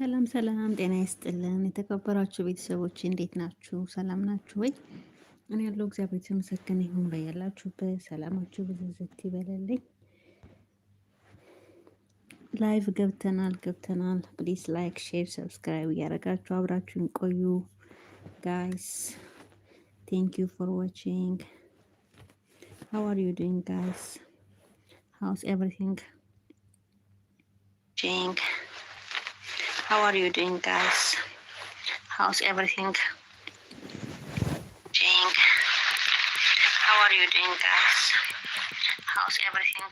ሰላም ሰላም፣ ጤና ይስጥልን የተከበራችሁ ቤተሰቦች እንዴት ናችሁ? ሰላም ናችሁ ወይ? እኔ ያለው እግዚአብሔር የተመሰገነ ይሁን። በያላችሁበት ሰላማችሁ ብዝዝት ይበለልኝ። ላይቭ ገብተናል ገብተናል። ፕሊስ ላይክ፣ ሼር፣ ሰብስክራይብ እያደረጋችሁ አብራችሁን ቆዩ ጋይስ። ቴንክ ዩ ፎር ዋቺንግ ሃው አር ዩ ዱዊንግ ጋይስ ሃውስ ኤቭሪቲንግ How are you doing, guys? How's everything? Doing? How are you doing, guys? How's everything?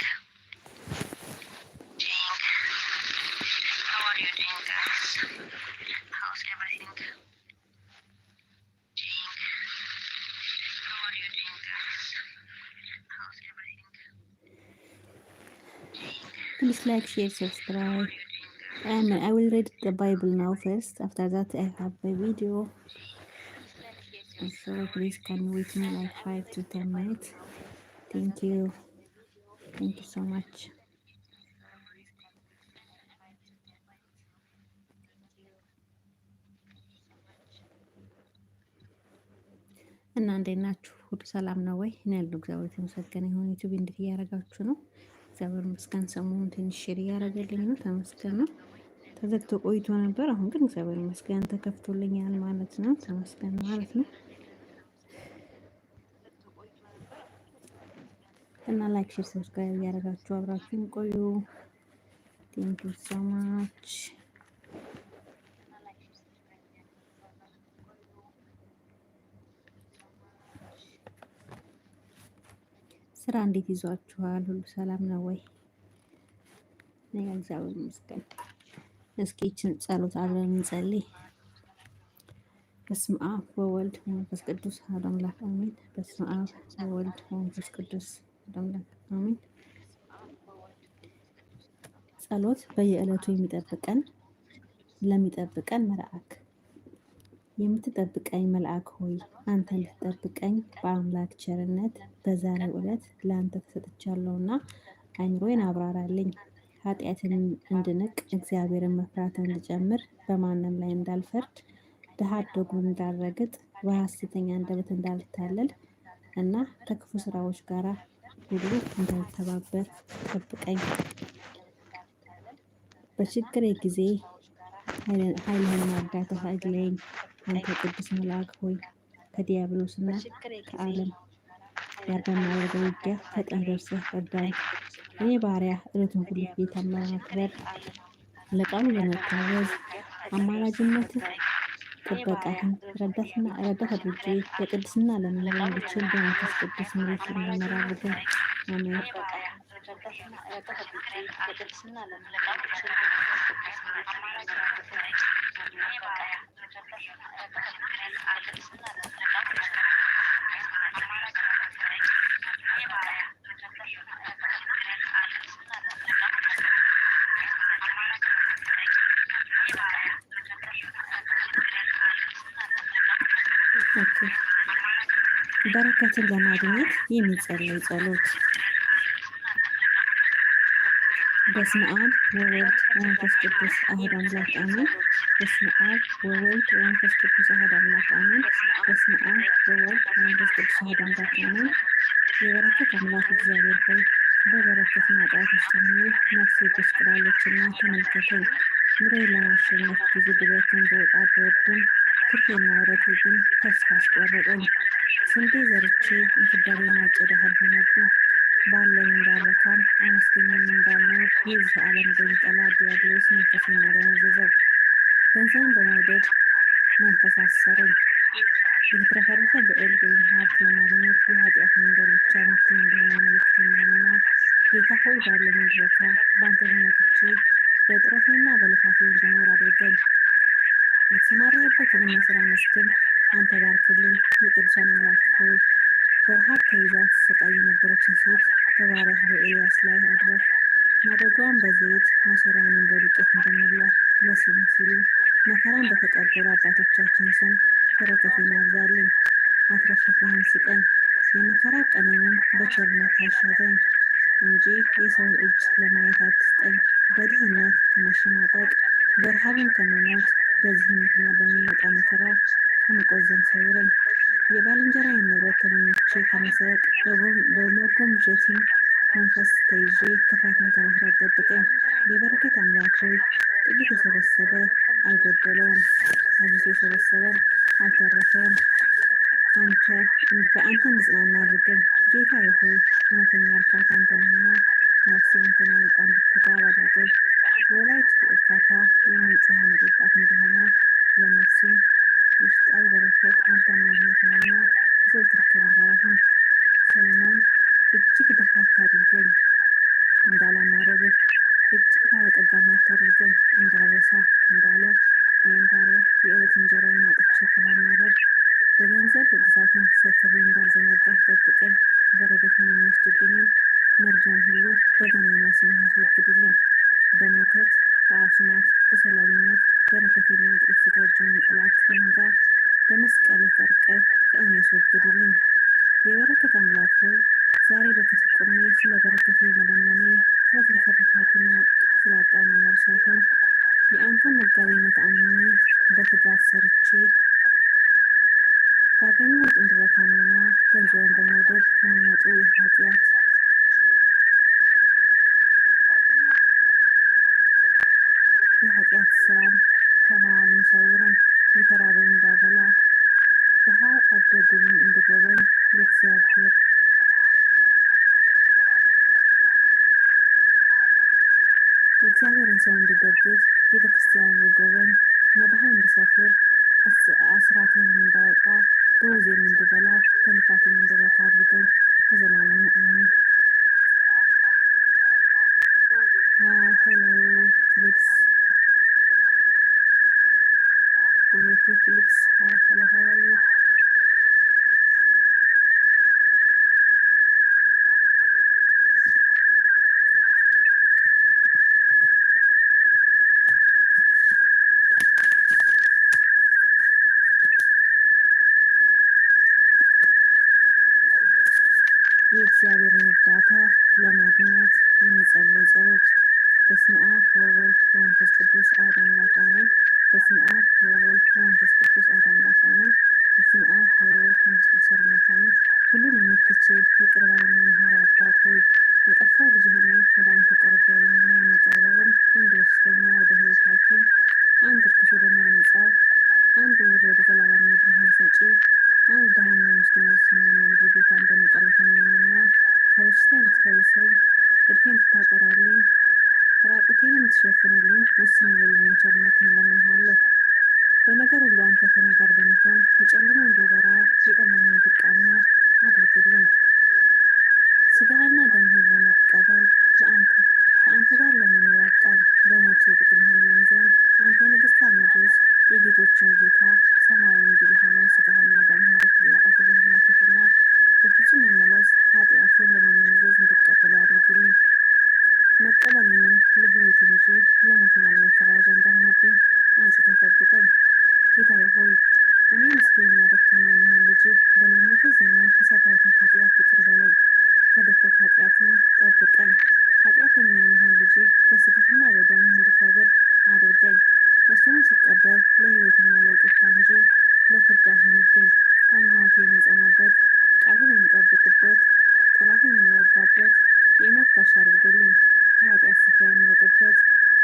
Doing? How are you doing, guys? How's everything? Doing? How are you doing, guys? How's everything? Doing? Please like, share, subscribe and I will read the Bible now first. After that, I have a video. So please can wait me like five to ten minutes. Thank you. Thank you so much. እና እንዴት ናችሁ? ሁሉ ሰላም ነው ወይ? እኔ ያለው እግዚአብሔር የተመሰገነ ይሁን። ዩቲዩብ እንዴት እያደረጋችሁ ነው? እግዚአብሔር ምስጋና ሰሞኑን ትንሽ ሼር እያደረገልኝ ነው። ተመስገን ነው። ተዘግቶ ቆይቶ ነበር። አሁን ግን እግዚአብሔር ይመስገን ተከፍቶልኛል ማለት ነው። ተመስገን ማለት ነው። እና ላይክ፣ ሼር፣ ሰብስክራይብ እያደረጋችሁ አብራችሁን ቆዩ። ቴንክ ዩ ሶ ማች ስራ እንዴት ይዟችኋል? ሁሉ ሰላም ነው ወይ? እኔ እግዚአብሔር ይመስገን እስኪ ይችን ጸሎት አብረን እንጸልይ። በስመ አብ ወወልድ መንፈስ ቅዱስ አሐዱ አምላክ አሜን። በስመ አብ ወወልድ መንፈስ ቅዱስ አሐዱ አምላክ አሜን። ጸሎት በየዕለቱ የሚጠብቀን ለሚጠብቀን መልአክ የምትጠብቀኝ መልአክ ሆይ አንተ እንድትጠብቀኝ በአምላክ ቸርነት በዛሬው ዕለት ለአንተ ተሰጥቻለሁና አይምሮዬን አብራራልኝ ኃጢአትን እንድንቅ እግዚአብሔርን መፍራት እንድጨምር በማንም ላይ እንዳልፈርድ ድሀ አደጉን እንዳልረግጥ በሐሰተኛ አንደበት እንዳልታለል እና ከክፉ ስራዎች ጋር ሁሉ እንዳልተባበር ጠብቀኝ። በችግሬ ጊዜ ኃይልህን ማዳተህ አግለኝ። አንተ ቅዱስ መልአክ ሆይ ከዲያብሎስና ከዓለም ጋር በማደርገው ውጊያ ፈጥነህ ደርሰህ እርዳኝ። እኔ ባሪያ እለቱን ሁሉ ጌታን ለቃሉ በመታዘዝ አማራጅነት ጥበቃህን ረዳትና ረዳት አድርጌ በቅድስና ለመኖር እንድችል በመንፈስ ቅዱስ ምሬት ለመመራ አድርገን። አሜን። በረከትን ለማግኘት የሚጸለይ ጸሎት። በስመ አብ ወወልድ ወመንፈስ ቅዱስ አሐዱ አምላክ አሜን። በስመ አብ ወወልድ ወመንፈስ ቅዱስ አሐዱ አምላክ አሜን። በስመ አብ ወወልድ ወመንፈስ ቅዱስ አሐዱ አምላክ አሜን። የበረከት አምላክ እግዚአብሔር ሆይ በበረከት ማጣት ውስጥ ሆኜ ነፍሴ ተስቅራለችና ተመልከተኝ። ኑሮዬን ለማሸነፍ ብዙ ድረትን በወጣ በወድን ትርፌና ወረቴ ግን ተስፋ አስቆረጠኝ። ስንዴ ዘርቼ እንክዳሬን ማጨዳ ሆነብኝ። ባለኝ እንዳልረካም አመስገኝም እንዳልኖር የዚህ ዓለም ገንጠላ ዲያብሎስ መንፈሴን አደነዘዘው። ገንዘብን በመውደድ መንፈስ አሰረኝ። የተትረፈረፈ ብዕል ወይም ሀብት ለማግኘት የኃጢአት መንገድ ብቻ መፍትሄ እንደሆነ ያመለክተኛልና ጌታ ሆይ ባለኝ እንድረካ በአንተ ተመክቼ በጥረቴና በልፋቴ እንድኖር አድርገኝ። የተሰማራሁበትን የሥራ መስክም አንተ ባርክልኝ። የቅዱሳን አምላክ ሆይ በረሃብ ተይዛ ተሰቃይ የነበረችን ሴት በባሪያህ በኤልያስ ላይ አድረህ ማደጓን በዘይት መሰሯንም በዱቄት እንደሞላ ለስም ሲሉ መከራን በተቀበሉ አባቶቻችን ስም በረከቴን አብዛልኝ። አትረፍርፈህን ስጠኝ። የመከራ ቀኔንም በቸርነት አሻግረኝ። እንጂ የሰው እጅ ለማየት አትስጠኝ። በድህነት ከመሸማቀቅ በረሃብን ከመሞት በዚህና በሚመጣ መከራ ከመቆዘም ሰውረኝ። የባልንጀራ ንብረት ተመኝቼ ከመሰረቅ በመጎምጀትን መንፈስ ተይዤ ክፋትን ከመስራት ጠብቀኝ። የበረከት አምላክ ሆይ ጥቂት የሰበሰበ አልጎደለውም፣ አብዝቶ የሰበሰበ አልተረፈውም። አንተ በአንተ እንጽናና አድርገኝ። ጌታ ሆይ እውነተኛ እርካታ አንተንና ነፍሴን እንትን በጣም ብትታብ አድርገኝ። የወላይት እርካታ የሚጮኸ መጠጣት እንደሆነ ለነፍሴም ውስጣዊ በረከት አንተ ማግኘት ነውና ዘወትር ከመባራሁን ሰለሞን እጅግ ድሃ አታድርገኝ እንዳላማረብህ እጅግ ባለጠጋ አታድርገኝ እንዳበሳ እንዳለ ወይም ባሪያ የዕለት እንጀራዬን አጥቼ ከማማረር በገንዘብ ብዛትን ሰትሬ እንዳልዘነጋህ ጠብቀኝ። የሚወስድብኝን መርጃን ሁሉ በገናና ስም ያስወግድልን። በመተት በአስማት በሰላቢነት በረከቴና የተዘጋጀውን ጠላት መንጋ በመስቀል ጠርቀ ከእኔ ያስወግድልን። የበረከት አምላክ ሆይ ዛሬ በፊት ቆሜ ስለ በረከት የመለመኔ ስለተንሰራፋትና ስላጣ መኖር ሳይሆን የአንተን መጋቢነት አምኜ በትጋት ሰርቼ ባገኙት እንድረካ ነውና ገንዘብን በመውደድ ከሚመጡ የኃጢአት የኃጢአት ስራም ከመዋል ይሰውረን። የተራበውን እንዳበላ ድሃ አደጉንም እንድጎበኝ የእግዚአብሔር የእግዚአብሔርን ሰው እንድደግፍ ቤተክርስቲያን እንድጎበኝ መድሃ እንድሰፍር አስራትህን እንዳወጣ በውዜ የምንድበላ በልፋት የምንድረካ አድርገን ተዘላለሙ አሜን። የሚጸለይ ጸሎት። በስመ አብ ወወልድ ወመንፈስ ቅዱስ አሐዱ አምላክ አሜን። በስመ አብ ወወልድ ወመንፈስ ቅዱስ አሐዱ አምላክ አሜን። በስመ አብ ወወልድ ወመንፈስ ቅዱስ አሐዱ አምላክ አሜን። ሁሉን የምትችል ይቅር ባይና መሐሪ አባት ሆይ የጠፋ ልጅ ሆነ ወደ አንተ ቀርብ ያለና የምቀርበውን አንድ በሽተኛ ወደ ህይወት ሐኪም አንድ እርኩስ ወደሚያነጻው አንድ ወደ ዘላለም ብርሃን ሰጪ አንድ ዳህና ምስኪን ወደ ጌታ እንደሚቀርብ ተመኘና ከበሽታ እንድትፈውሰኝ እድሜን ትታጠራለኝ ራቁቴን የምትሸፍንልኝ ውስን የሌለኝ ቸርነትህን ለምንሃለሁ። በነገር ሁሉ አንተ ከእኔ ጋር በመሆን የጨለመው እንዲበራ የጠመመው እንዲቃና አድርግልኝ። ስጋና ደምህን ለመቀበል ለአንተ ከአንተ ጋር ለመኖር አቃል ለሞት ጥቅም ይሆንልኝ ዘንድ አንተ ንግሥተ ንጉስ የጌቶችን ጌታ ሰማያዊ እንዲህ የሆነ ስጋና ደምህን በፍላቀት በህማትትና በፍጹም መመለስ ኃጢአትን ለመመዘዝ እንድ እንዲቀጥል ያደርግልኝ። መቀበሌንም ለህይወት እንጂ ለሞትና ለመፈራጃ እንዳይሆንብኝ አንቺ ሆይ እኔ ምስኪንና ጋሻ አድርግልኝ። ከኃጢአት ስፍራ የምወጥበት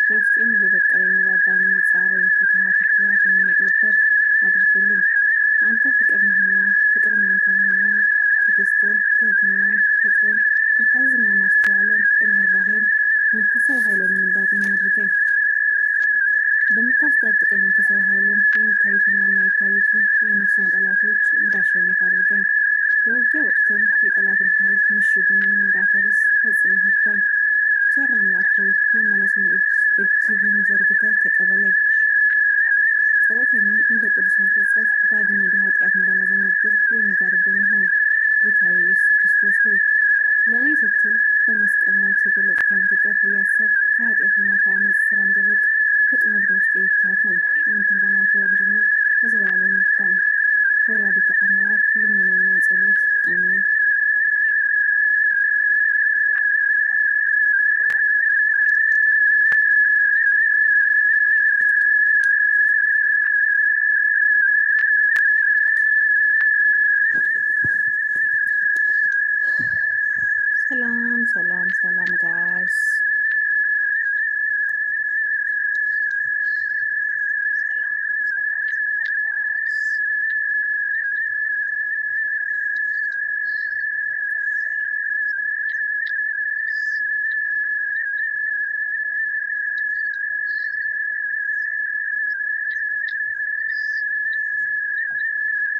በውስጤም እየበቀለ የሚዋጋኝ ጻረኝ ፍትሀት ክያት የምንቅልበት አድርግልኝ። አንተ ፍቅር ነህና ፍቅር እናንተ ነህና ትዕግስትን፣ ትህትናን፣ ፍቅርን፣ መታዘዝና ማስተዋልን፣ ርኅራሄን መንፈሳዊ ኃይልን እንዳገኝ አድርገኝ። በምታስታጥቀኝ መንፈሳዊ ኃይልን የሚታዩትና የማይታዩትን የነፍስን ጠላቶች እንዳሸነፍ አድርገኝ። በውጊያ ወቅትም የጠላትን ኃይል ምሽግን እንዳፈርስ ፈጽሞ ህርቷል። ቸር አምላክ ሆይ መመለሴን እጅህን ዘርግተህ ተቀበለኝ። ጸሎቴንም እንደ ቅዱሳን ጸጸት ዳግም ወደ ኃጢአት እንዳላዘን